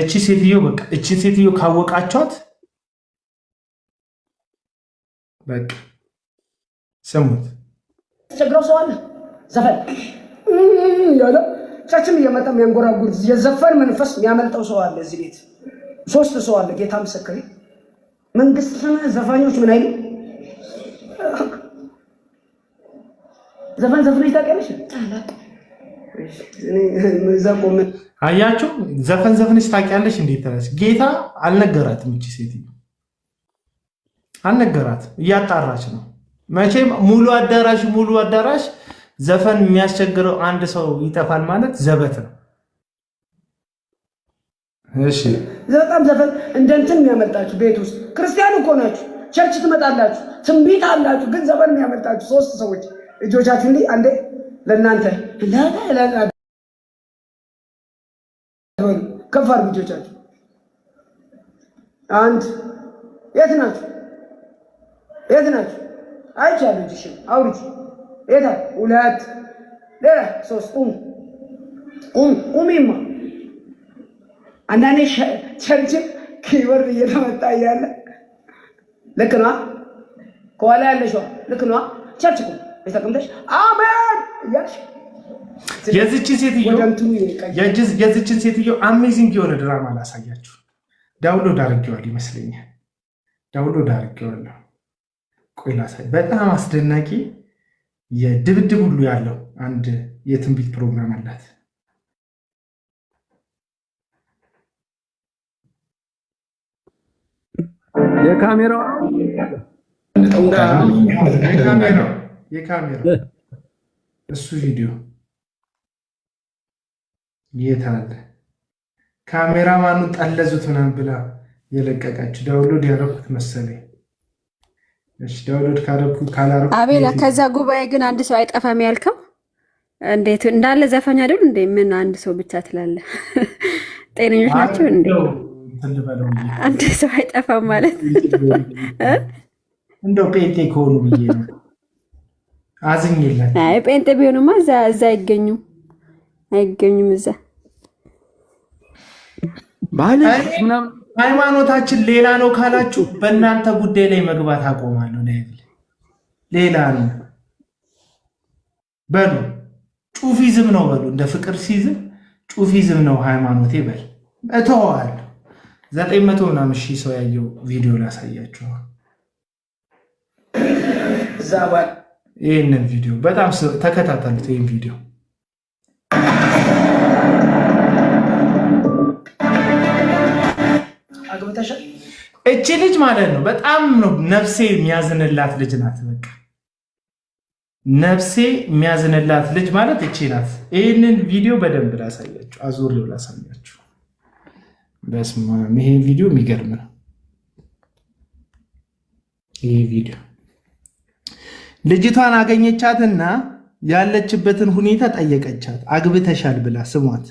እቺ ሴትዮ በቃ እቺን ሴትዮ ካወቃቸዋት በቃ ስሙት። ቸግረው ሰው አለ ዘፈን ያለ ቻችም እየመጣ የሚያንጎራጉር የዘፈን መንፈስ የሚያመልጠው ሰው አለ። እዚህ ቤት ሶስት ሰው አለ። ጌታ ምስክሬ መንግስት ዘፋኞች ምን አይሉ ዘፈን ዘፍነች ታውቂያለሽ? አያችሁ፣ ዘፈን ዘፍንሽ ታውቂያለሽ። እንዴት ተነስ ጌታ አልነገራትም። እቺ ሴት አልነገራት፣ እያጣራች ነው። መቼም ሙሉ አዳራሽ ሙሉ አዳራሽ ዘፈን የሚያስቸግረው አንድ ሰው ይጠፋል ማለት ዘበት ነው። እሺ፣ በጣም ዘፈን እንደ የሚያመልጣችሁ ቤት ውስጥ ክርስቲያን እኮ ናችሁ፣ ቸርች ትመጣላችሁ፣ ትንቢት አላችሁ፣ ግን ዘፈን የሚያመልጣችሁ ሶስት ሰዎች እጆቻችሁ እንዲህ አንዴ ለእናንተ ከፍ አድርጉ እጆቻችሁ። አንድ የት ናችሁ? የት ናችሁ? አይቻለሁ። እጅሽን አውሪት የታ ሁለት፣ ሌላ ሶስት። ቁም ቁም ቁሚማ። አንዳንዴ ቸርች ኪቦርድ እየተመታ እያለ ልክ ነዋ። ከኋላ ያለሽዋ ልክ ነዋ። ቸርች ቁም ተቀምጠሽ አሜን የዚችን ሴትዮ የዚችን ሴትዮ አሜዚንግ የሆነ ድራማ ላሳያችሁ። ዳውንሎድ አድርጌዋል ይመስለኛል። ዳውንሎድ አድርጌዋለሁ። ቆይ ላሳይ። በጣም አስደናቂ የድብድብ ሁሉ ያለው አንድ የትንቢት ፕሮግራም አላት። የካሜራው የካሜራው እሱ ቪዲዮ የት አለ? ካሜራ ማኑ ጠለዙት ምናምን ብላ የለቀቀች ዳውንሎድ ያደረኩት መሰለኝ። እሺ ዳውንሎድ ካደረኩት ካላረኩ አቤላ፣ ከዛ ጉባኤ ግን አንድ ሰው አይጠፋም ያልከው እንዴት እንዳለ ዘፋኝ አይደል እንዴ? ምን አንድ ሰው ብቻ ትላለ ጤነኞች ናቸው እንዴ? አንድ ሰው አይጠፋም ማለት እንደው ጴንጤ ከሆኑ ብዬ ነው አዝኝለን ጴንጤ ቢሆንማ እዛ እዛ አይገኙም አይገኙም። እዛ ሃይማኖታችን ሌላ ነው ካላችሁ በእናንተ ጉዳይ ላይ መግባት አቆማለሁ። ሌላ ነው በሉ፣ ጩፊዝም ነው በሉ፣ እንደ ፍቅር ሲዝም ጩፊዝም ነው ሃይማኖቴ በል እተዋዋለሁ። ዘጠኝ መቶ ምናምን ሺህ ሰው ያየው ቪዲዮ ላሳያችኋል። ይህንን ቪዲዮ በጣም ተከታተሉት። ይህን ቪዲዮ እቺ ልጅ ማለት ነው በጣም ነው ነፍሴ የሚያዝንላት ልጅ ናት። በቃ ነፍሴ የሚያዝንላት ልጅ ማለት እቺ ናት። ይህንን ቪዲዮ በደንብ ላሳያችሁ፣ አዙሬው ላሳያችሁ። በስመ አብ ይሄ ቪዲዮ የሚገርም ነው። ይሄ ቪዲዮ ልጅቷን አገኘቻትና ያለችበትን ሁኔታ ጠየቀቻት። አግብተሻል ብላ ስሟት።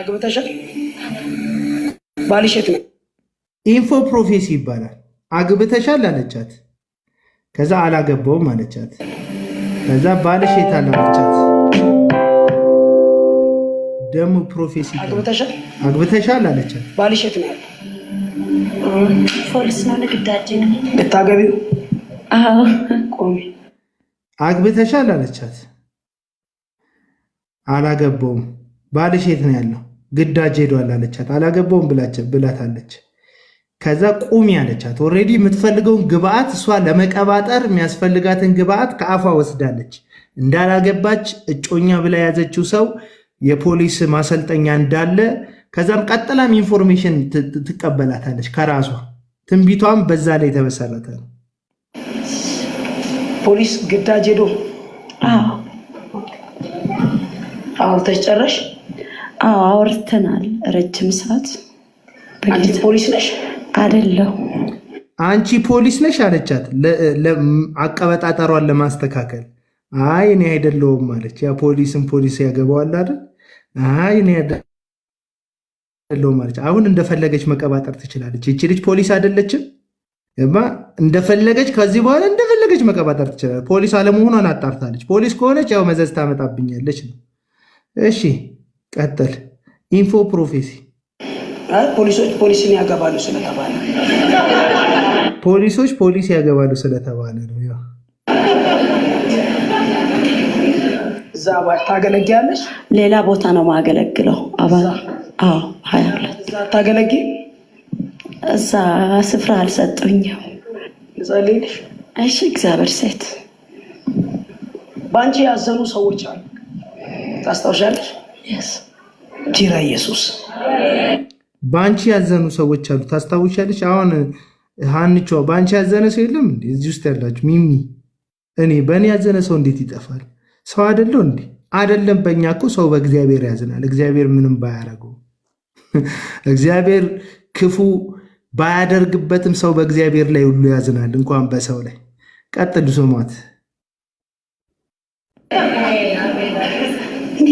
አግብተሻል ባልሸት ነው። ኢንፎ ፕሮፌሲ ይባላል። አግብተሻል አለቻት። ከዛ አላገባውም አለቻት። ከዛ ባልሽ የታለ አለቻት። ደግሞ ፕሮፌሲ አግብተሻል አለቻት። ባልሸት ነው ፖሊስ ልታገቢው? አግብተሻል አለቻት። አላገባውም። ባልሽ የት ነው ያለው? ግዳጅ ሄዷል አለቻት። አላገባውም ብላታለች። ከዛ ቁሚ አለቻት። ኦልሬዲ የምትፈልገውን ግብአት እሷ ለመቀባጠር የሚያስፈልጋትን ግብአት ከአፏ ወስዳለች። እንዳላገባች እጮኛ ብላ የያዘችው ሰው የፖሊስ ማሰልጠኛ እንዳለ ከዛም ቀጥላም ኢንፎርሜሽን ትቀበላታለች ከራሷ ትንቢቷም በዛ ላይ የተመሰረተ ነው። ፖሊስ ግዳጅ ሄዶ አውርተሽ ጨረሽ? አውርተናል ረጅም ሰዓት። አንቺ ፖሊስ ነሽ አደለሁ? አንቺ ፖሊስ ነሽ አለቻት፣ አቀበጣጠሯን ለማስተካከል አይ እኔ አይደለሁም አለች። ያ ፖሊስን ፖሊስ ያገባዋል አይደል? አይ እኔ ያለው ማለት አሁን እንደፈለገች መቀባጠር ትችላለች። ይቺ ልጅ ፖሊስ አይደለችም። እንደፈለገች ከዚህ በኋላ እንደፈለገች መቀባጠር ትችላለች። ፖሊስ አለመሆኗን አጣርታለች። ፖሊስ ከሆነች ያው መዘዝ ታመጣብኛለች ነው። እሺ ቀጥል። ኢንፎ ፕሮፌሲ ፖሊሶች ፖሊስን ያገባሉ ስለተባለ ፖሊሶች ፖሊስ ያገባሉ ስለተባለ ነው። ያው እዛ ታገለግያለች። ሌላ ቦታ ነው ማገለግለው አባ አዎ ሀያ ሁለት ታገለጊ እዛ ስፍራ አልሰጡኝም። እሺ እግዚአብሔር ሴት በአንቺ ያዘኑ ሰዎች አሉ። ታስታውሻለሽ? ቲራ ኢየሱስ በአንቺ ያዘኑ ሰዎች አሉ። ታስታውሻለች አሁን ሀንቾ በአንቺ ያዘነ ሰው የለም እንዴ? እዚህ ውስጥ ያላችሁ ሚሚ፣ እኔ በእኔ ያዘነ ሰው እንዴት ይጠፋል? ሰው አይደለው እንዴ? አይደለም። በእኛ እኮ ሰው በእግዚአብሔር ያዝናል። እግዚአብሔር ምንም ባያረገው እግዚአብሔር ክፉ ባያደርግበትም ሰው በእግዚአብሔር ላይ ሁሉ ያዝናል፣ እንኳን በሰው ላይ። ቀጥል ስሟት።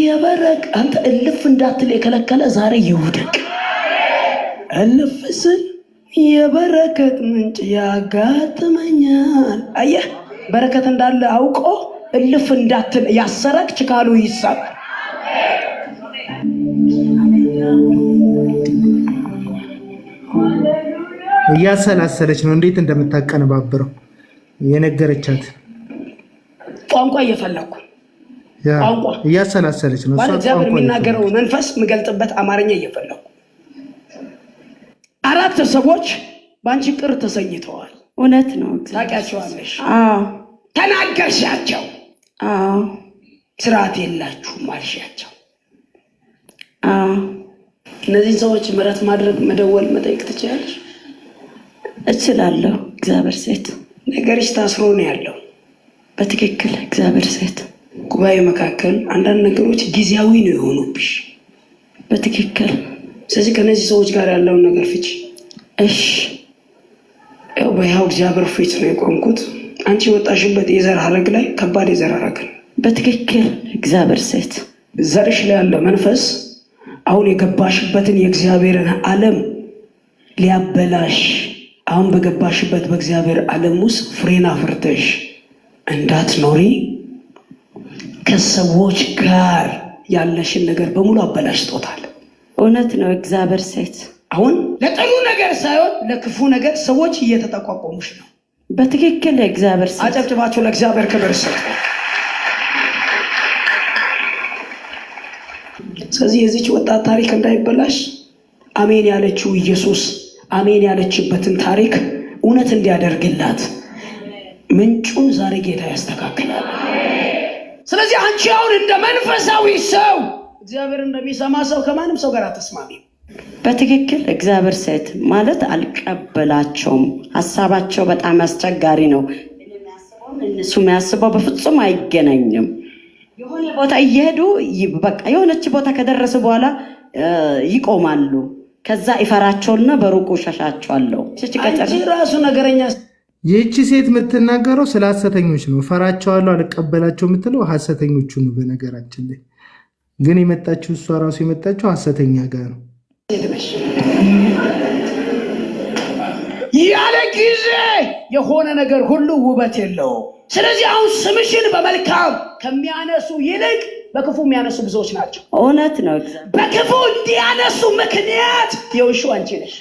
የበረቅ አንተ እልፍ እንዳትል የከለከለ ዛሬ ይውደቅ። እልፍ ስል የበረከት ምንጭ ያጋጥመኛል። አየህ በረከት እንዳለ አውቆ እልፍ እንዳትል ያሰረቅ ችካሉ ይሳብ እያሰላሰለች ነው እንዴት እንደምታቀነባብረው የነገረቻት ቋንቋ እየፈለግኩ ቋንቋ እያሰላሰለች ነው። እግዚአብሔር የሚናገረው መንፈስ የምገልጥበት አማርኛ እየፈለግኩ አራት ሰዎች በአንቺ ቅር ተሰኝተዋል። እውነት ነው። ታውቂያቸዋለሽ። ተናገርሻቸው። ስርዓት የላችሁም አልሻቸው። እነዚህን ሰዎች ምረት ማድረግ መደወል፣ መጠየቅ ትችላለች። እችላለሁ። እግዚአብሔር ሴት ነገርሽ ታስሮ ነው ያለው። በትክክል እግዚአብሔር ሴት ጉባኤ መካከል አንዳንድ ነገሮች ጊዜያዊ ነው የሆኑብሽ። በትክክል ስለዚህ ከነዚህ ሰዎች ጋር ያለውን ነገር ፍቺ። እሺ ያው በያው እግዚአብሔር ፊት ነው የቆምኩት። አንቺ የወጣሽበት የዘር ሀረግ ላይ ከባድ የዘር ሀረግ ነው። በትክክል እግዚአብሔር ሴት ዘርሽ ላይ ያለው መንፈስ አሁን የገባሽበትን የእግዚአብሔርን ዓለም ሊያበላሽ አሁን በገባሽበት በእግዚአብሔር ዓለም ውስጥ ፍሬን አፍርተሽ እንዳትኖሪ ከሰዎች ጋር ያለሽን ነገር በሙሉ አበላሽቶታል። እውነት ነው እግዚአብሔር ሴት። አሁን ለጥሩ ነገር ሳይሆን ለክፉ ነገር ሰዎች እየተጠቋቆሙሽ ነው። በትክክል እግዚአብሔር ሴት። አጨብጭባቸው። ለእግዚአብሔር ክብር ስጥ። ስለዚህ የዚች ወጣት ታሪክ እንዳይበላሽ አሜን ያለችው ኢየሱስ አሜን ያለችበትን ታሪክ እውነት እንዲያደርግላት ምንጩን ዛሬ ጌታ ያስተካክላል። ስለዚህ አንቺ አሁን እንደ መንፈሳዊ ሰው እግዚአብሔር እንደሚሰማ ሰው ከማንም ሰው ጋር ተስማሚ በትክክል እግዚአብሔር ሴት ማለት አልቀበላቸውም። ሀሳባቸው በጣም አስቸጋሪ ነው። እሱ የሚያስበው በፍጹም አይገናኝም። የሆነ ቦታ እየሄዱ በቃ የሆነች ቦታ ከደረሱ በኋላ ይቆማሉ። ከዛ ይፈራቸውና በሩቁ ሸሻቸዋለሁ። ራሱ ነገረኛ ይህቺ ሴት የምትናገረው ስለ ሀሰተኞች ነው። ፈራቸዋለሁ፣ አልቀበላቸው የምትለው ሀሰተኞቹ ነው። በነገራችን ላይ ግን የመጣችው እሷ ራሱ የመጣችው ሀሰተኛ ጋር ነው። ያለ ጊዜ የሆነ ነገር ሁሉ ውበት የለው። ስለዚህ አሁን ስምሽን በመልካም ከሚያነሱ ይልቅ በክፉ የሚያነሱ ብዙዎች ናቸው። እውነት ነው። በክፉ እንዲያነሱ ምክንያት የውሹ አንቺ ነሽ።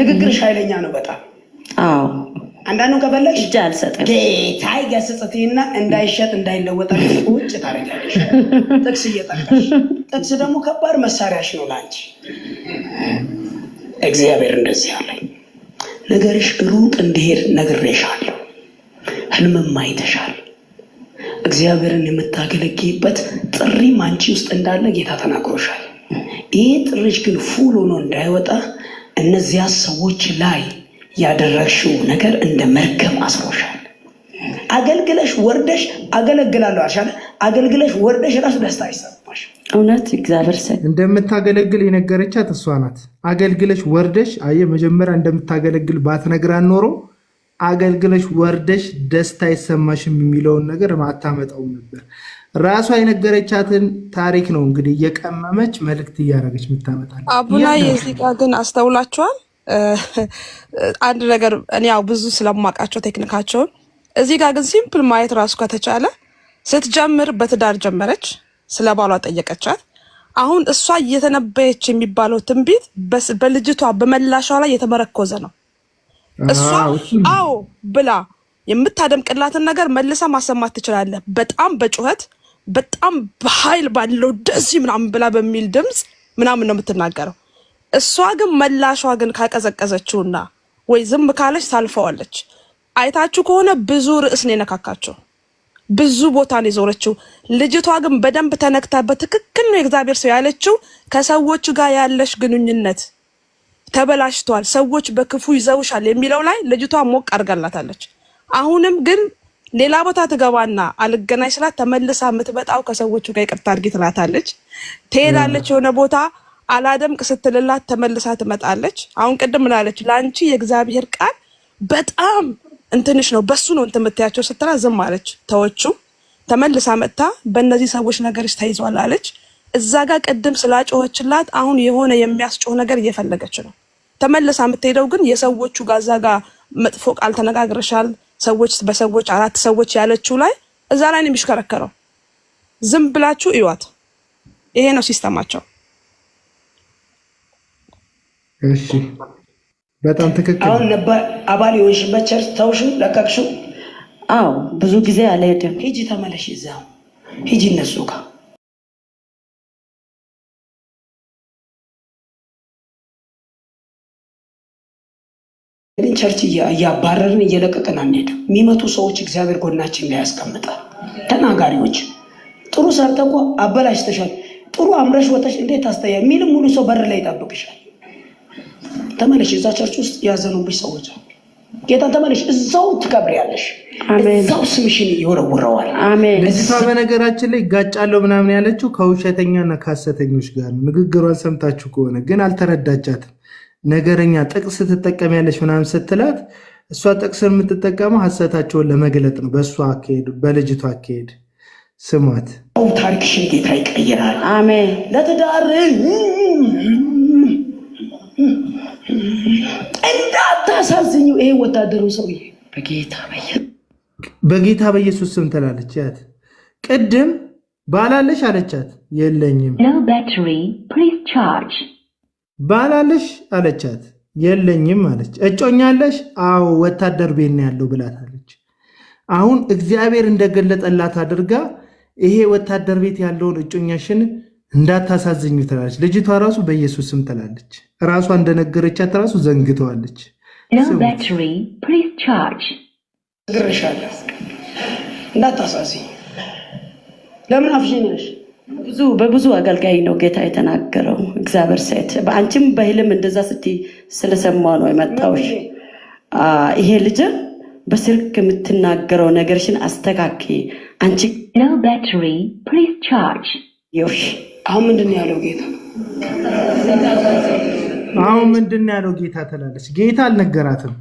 ንግግርሽ ኃይለኛ ነው በጣም አዎ። አንዳንዱ ከፈለግሽ እጅ አልሰጥም ጌታ ይገስጽትና እንዳይሸጥ እንዳይለወጥ ውጭ ታደርጊያለሽ። ጥቅስ እየጠቀሽ ጥቅስ ደግሞ ከባድ መሳሪያሽ ነው ለአንቺ እግዚአብሔር እንደዚህ አለኝ ነገርሽ ሩቅ እንዲሄድ ነግሬሻለሁ። ህልምም አይተሻል። እግዚአብሔርን የምታገለግይበት ጥሪም አንቺ ውስጥ እንዳለ ጌታ ተናግሮሻል። ይህ ጥሪሽ ግን ፉል ሆኖ እንዳይወጣ እነዚያ ሰዎች ላይ ያደረግሽው ነገር እንደ መርገም አስሮሻል። አገልግለሽ ወርደሽ አገለግላለሁ አልሻለ አገልግለሽ ወርደሽ ራሱ ደስታ አይሰማም። እውነት እግዚአብሔር እንደምታገለግል የነገረቻት እሷ ናት። አገልግለሽ ወርደሽ አየ መጀመሪያ እንደምታገለግል ባትነግራን ኖሮ አገልግለሽ ወርደሽ ደስታ አይሰማሽም የሚለውን ነገር አታመጣው ነበር። ራሷ የነገረቻትን ታሪክ ነው እንግዲህ እየቀመመች መልእክት እያደረገች የምታመጣል። አቡና የዚህ ጋ ግን አስተውላችኋል? አንድ ነገር እኔ ያው ብዙ ስለማውቃቸው ቴክኒካቸውን፣ እዚህ ጋር ግን ሲምፕል ማየት ራሱ ከተቻለ ስትጀምር በትዳር ጀመረች ስለ ባሏ ጠየቀቻት። አሁን እሷ እየተነበየች የሚባለው ትንቢት በልጅቷ በመላሿ ላይ የተመረኮዘ ነው። እሷ አዎ ብላ የምታደምቅላትን ነገር መልሳ ማሰማት ትችላለህ። በጣም በጩኸት በጣም በኃይል ባለው ደዚህ ምናምን ብላ በሚል ድምፅ ምናምን ነው የምትናገረው። እሷ ግን መላሿ ግን ካቀዘቀዘችውና ወይ ዝም ካለች ታልፈዋለች። አይታችሁ ከሆነ ብዙ ርዕስ ነው የነካካቸው። ብዙ ቦታ ነው የዞረችው። ልጅቷ ግን በደንብ ተነክታ በትክክል ነው የእግዚአብሔር ሰው ያለችው። ከሰዎች ጋር ያለሽ ግንኙነት ተበላሽቷል፣ ሰዎች በክፉ ይዘውሻል የሚለው ላይ ልጅቷ ሞቅ አድርጋላታለች። አሁንም ግን ሌላ ቦታ ትገባና አልገናኝ ስላት ተመልሳ የምትመጣው ከሰዎቹ ጋር ይቅርታ አድርጊ ትላታለች። ትሄዳለች የሆነ ቦታ አላደምቅ ስትልላት ተመልሳ ትመጣለች። አሁን ቅድም ምናለች? ለአንቺ የእግዚአብሔር ቃል በጣም እንትንሽ ነው በሱ ነው እንትን የምታያቸው ስትላ ዝም አለች። ተወቹ ተመልሳ መጥታ በእነዚህ ሰዎች ነገርሽ ተይዟል አለች። እዛ ጋር ቅድም ስላጮኸችላት አሁን የሆነ የሚያስጮህ ነገር እየፈለገች ነው። ተመልሳ የምትሄደው ግን የሰዎቹ ጋር እዛ ጋር መጥፎ ቃል ተነጋግረሻል፣ ሰዎች በሰዎች አራት ሰዎች ያለችው ላይ እዛ ላይ ነው የሚሽከረከረው። ዝም ብላችሁ እዩዋት። ይሄ ነው ሲስተማቸው። እሺ በጣም ትክክል። አሁን አባል የሆንሽበት ቸርች ተውሽ፣ ለቀቅሹ? አዎ ብዙ ጊዜ አልሄድም። ሂጂ ተመለሽ፣ እዛው ሂጂ እነሱ ጋር ግን ቸርች እያባረርን እየለቀቅን አንሄድም። የሚመጡ ሰዎች እግዚአብሔር ጎናችን ላይ ያስቀምጣል። ተናጋሪዎች ጥሩ ሰርተ እኮ አበላሽተሻል፣ ጥሩ አምረሽ ወተሽ እንዴት ታስተያል? የሚልም ሙሉ ሰው በር ላይ ይጠብቅሻል። ተመለሽ። እዛ ቸርች ውስጥ ያዘኑብሽ ሰዎች አሉ። ጌታን ተመለሽ፣ እዛው ትከብሪያለሽ፣ እዛው ስምሽን ይወረውረዋል። ልጅቷ በነገራችን ላይ ይጋጫለሁ ምናምን ያለችው ከውሸተኛና ከሀሰተኞች ጋር ንግግሯን ሰምታችሁ ከሆነ ግን አልተረዳቻትም። ነገረኛ ጥቅስ ትጠቀሚያለች ምናምን ስትላት እሷ ጥቅስ የምትጠቀመው ሀሰታቸውን ለመግለጥ ነው። በእሷ አካሄድ፣ በልጅቷ አካሄድ ስሟት። ታሪክሽን ጌታ ይቀይራል። አሜን ለትዳር እንዳታሳዝኙ። ይሄ ወታደሩ ሰውዬ በጌታ በጌታ በኢየሱስ ስም ትላለች። ያት ቅድም ባላለሽ አለቻት። የለኝም ባላለሽ አለቻት። የለኝም አለች። እጮኛለሽ? አዎ ወታደር ቤት ነው ያለው ብላታለች። አሁን እግዚአብሔር እንደገለጠላት አድርጋ ይሄ ወታደር ቤት ያለውን እጮኛሽን እንዳታሳዝኙ ትላለች ልጅቷ ራሱ በኢየሱስ ስም ትላለች። ራሷ እንደነገረቻት ራሱ ዘንግተዋለች። እንዳታሳዝኝ። ለምን አፍሽነሽ? ብዙ በብዙ አገልጋይ ነው ጌታ የተናገረው እግዚአብሔር ሴት በአንቺም በህልም እንደዛ ስቲ ስለሰማ ነው የመጣውሽ። ይሄ ልጅ በስልክ የምትናገረው ነገርሽን አስተካኪ አንቺ ሽ አሁን ምንድን ያለው ጌታ? አሁን ምንድን ያለው ጌታ ትላለች። ጌታ አልነገራትም፣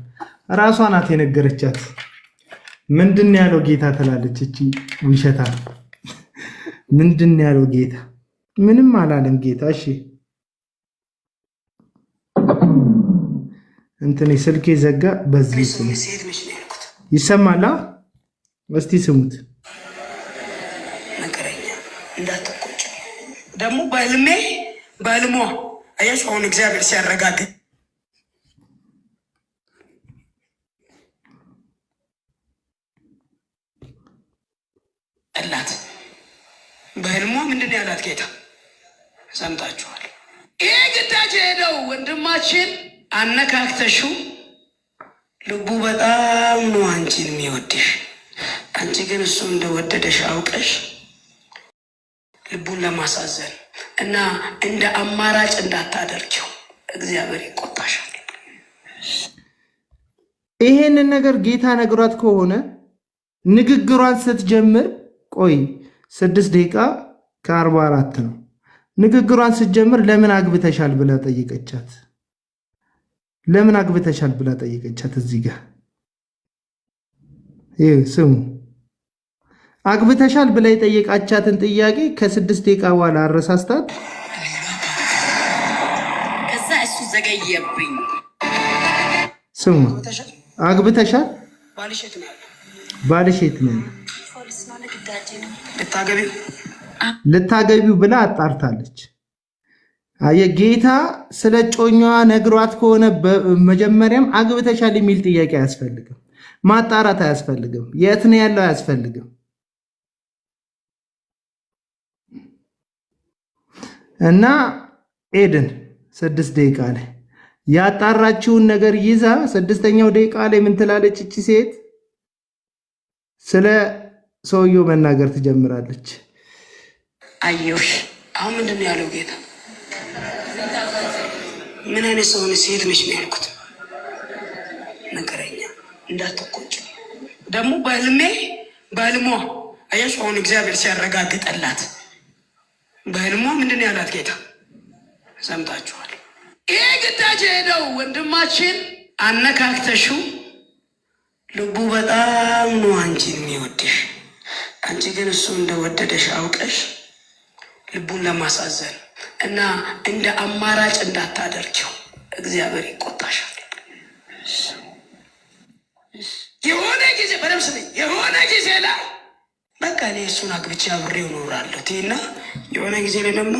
እራሷ ናት የነገረቻት። ምንድን ያለው ጌታ ትላለች። እቺ ውሸታ ምንድን ያለው ጌታ? ምንም አላለም ጌታ። እሺ እንትን ስልኬ ዘጋ። በዚህ ይሰማላ። እስቲ ስሙት። ደግሞ በህልሜ በህልሞ አያሽ አሁን እግዚአብሔር ሲያረጋግጥ ጠላት በህልሞ ምንድን ያላት ጌታ ሰምታችኋል። ይሄ ግዳጅ የሄደው ወንድማችን አነካክተሹ ልቡ በጣም ነው አንቺን የሚወድሽ። አንቺ ግን እሱ እንደወደደሽ አውቀሽ ልቡን ለማሳዘን እና እንደ አማራጭ እንዳታደርጊው እግዚአብሔር ይቆጣሻል። ይሄንን ነገር ጌታ ነግሯት ከሆነ ንግግሯን ስትጀምር ቆይ ስድስት ደቂቃ ከአርባ አራት ነው። ንግግሯን ስትጀምር ለምን አግብተሻል ብላ ጠይቀቻት ለምን አግብተሻል ብላ ጠይቀቻት። እዚህ ጋር ይህ ስሙ አግብተሻል ብላ የጠየቃቻትን ጥያቄ ከስድስት ደቂቃ በኋላ አረሳስታት ከዛ እሱ ዘገየብኝ። ስሙ አግብተሻል ባልሽ ነው ልታገቢው ብላ አጣርታለች። የጌታ ስለ ጮኛዋ ነግሯት ከሆነ መጀመሪያም አግብተሻል የሚል ጥያቄ አያስፈልግም፣ ማጣራት አያስፈልግም፣ የት ነው ያለው አያስፈልግም። እና ኤድን ስድስት ደቂቃ ላይ ያጣራችውን ነገር ይዛ ስድስተኛው ደቂቃ ላይ ምን ትላለች እቺ ሴት? ስለ ሰውየው መናገር ትጀምራለች። አየሁሽ። አሁን ምንድን ነው ያለው ጌታ? ምን አይነት ሰውን ሴት ነች ነው ያልኩት። ነገረኛ እንዳትቆጭ ደግሞ ባልሜ ባልሞ አያሽ። አሁን እግዚአብሔር ሲያረጋግጠላት በህልሟ ምንድን ያላት ጌታ ሰምታችኋል። ይሄ ግዳጅ ሄደው ወንድማችን አነካክተሽው ልቡ በጣም ነው አንቺ የሚወድሽ። አንቺ ግን እሱ እንደወደደሽ አውቀሽ ልቡን ለማሳዘን እና እንደ አማራጭ እንዳታደርጊው እግዚአብሔር ይቆጣሻል። የሆነ ጊዜ በደምስ የሆነ እኔ እሱን አግብቼ አብሬው እኖራለሁ እና የሆነ ጊዜ ላይ ደግሞ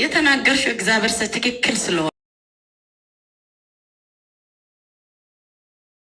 የተናገርሽው እግዚአብሔር ትክክል ስለሆነ